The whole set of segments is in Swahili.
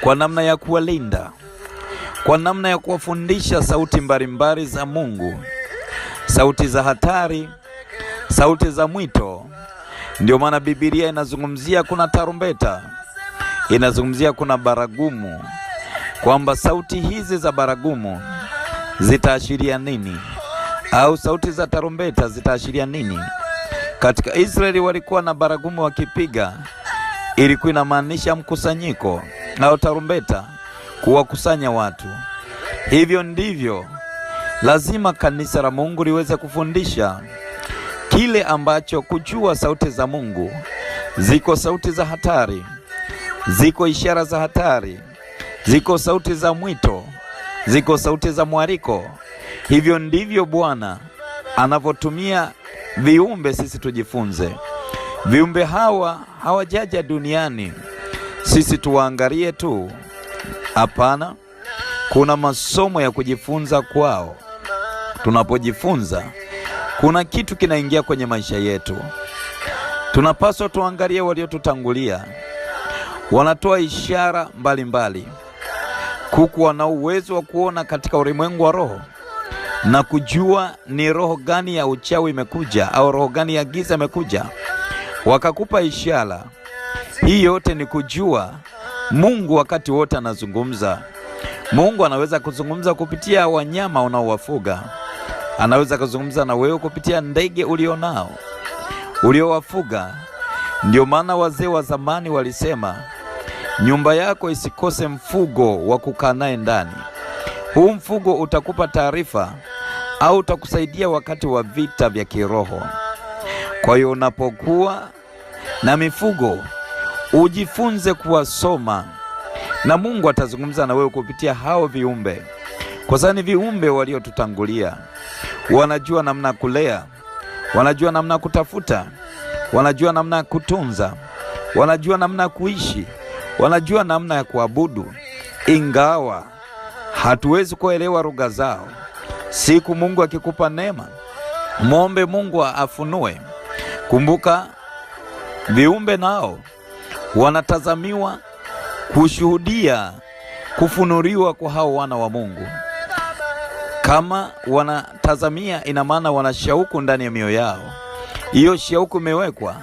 kwa namna ya kuwalinda, kwa namna ya kuwafundisha sauti mbalimbali za Mungu, sauti za hatari, sauti za mwito. Ndio maana Biblia inazungumzia kuna tarumbeta, inazungumzia kuna baragumu, kwamba sauti hizi za baragumu zitaashiria nini au sauti za tarumbeta zitaashiria nini? Katika Israeli walikuwa na baragumu wakipiga ilikuwa inamaanisha mkusanyiko au tarumbeta kuwakusanya watu. Hivyo ndivyo lazima kanisa la Mungu liweze kufundisha kile ambacho kujua sauti za Mungu. Ziko sauti za hatari, ziko ishara za hatari, ziko sauti za mwito, ziko sauti za mwaliko. Hivyo ndivyo Bwana anavyotumia viumbe sisi tujifunze. Viumbe hawa hawajaja duniani sisi tuwaangalie tu? Hapana, kuna masomo ya kujifunza kwao. Tunapojifunza kuna kitu kinaingia kwenye maisha yetu. Tunapaswa tuangalie waliotutangulia, wanatoa ishara mbalimbali mbali. Kuku wana uwezo wa kuona katika ulimwengu wa roho na kujua ni roho gani ya uchawi imekuja au roho gani ya giza imekuja wakakupa ishara. Hii yote ni kujua Mungu wakati wote anazungumza. Mungu anaweza kuzungumza kupitia wanyama unaowafuga, anaweza kuzungumza na wewe kupitia ndege ulionao uliowafuga. Ndio maana wazee wa zamani walisema nyumba yako isikose mfugo wa kukaa naye ndani. Huu mfugo utakupa taarifa au utakusaidia wakati wa vita vya kiroho. Kwa hiyo unapokuwa na mifugo ujifunze kuwasoma, na Mungu atazungumza na wewe kupitia hao viumbe, kwa sababu ni viumbe waliotutangulia. Wanajua namna kulea, wanajua namna kutafuta, wanajua namna kutunza, wanajua namna kuishi, wanajua namna ya kuabudu, ingawa hatuwezi kuelewa lugha zao. Siku Mungu akikupa neema, mwombe Mungu afunue Kumbuka, viumbe nao wanatazamiwa kushuhudia kufunuliwa kwa hao wana wa Mungu. Kama wanatazamia, ina maana wana shauku ndani ya mioyo yao. Hiyo shauku imewekwa,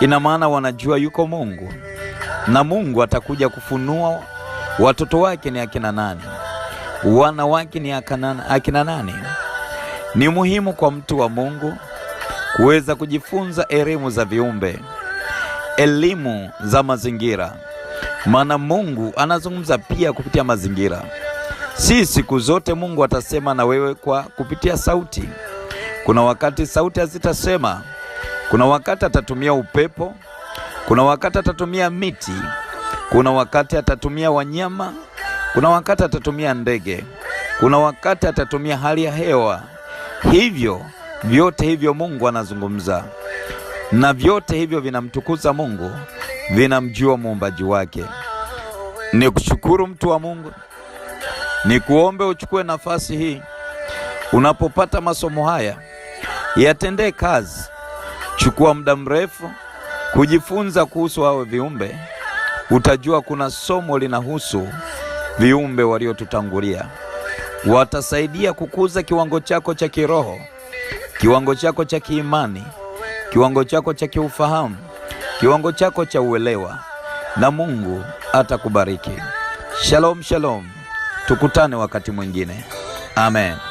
ina maana wanajua yuko Mungu na Mungu atakuja kufunua watoto wake ni akina nani, wana wake ni akina nani. Ni muhimu kwa mtu wa Mungu kuweza kujifunza elimu za viumbe, elimu za mazingira, maana Mungu anazungumza pia kupitia mazingira. Si siku zote Mungu atasema na wewe kwa kupitia sauti. Kuna wakati sauti hazitasema, kuna wakati atatumia upepo, kuna wakati atatumia miti, kuna wakati atatumia wanyama, kuna wakati atatumia ndege, kuna wakati atatumia hali ya hewa. Hivyo Vyote hivyo Mungu anazungumza, na vyote hivyo vinamtukuza Mungu, vinamjua muumbaji wake. Ni kushukuru mtu wa Mungu, ni kuombe uchukue nafasi hii unapopata masomo haya, yatendee kazi. Chukua muda mrefu kujifunza kuhusu hao viumbe, utajua kuna somo linahusu viumbe waliotutangulia, watasaidia kukuza kiwango chako cha kiroho kiwango chako cha kiimani, kiwango chako cha kiufahamu, kiwango chako cha uelewa, na Mungu atakubariki. Shalom, shalom, tukutane wakati mwingine. Amen.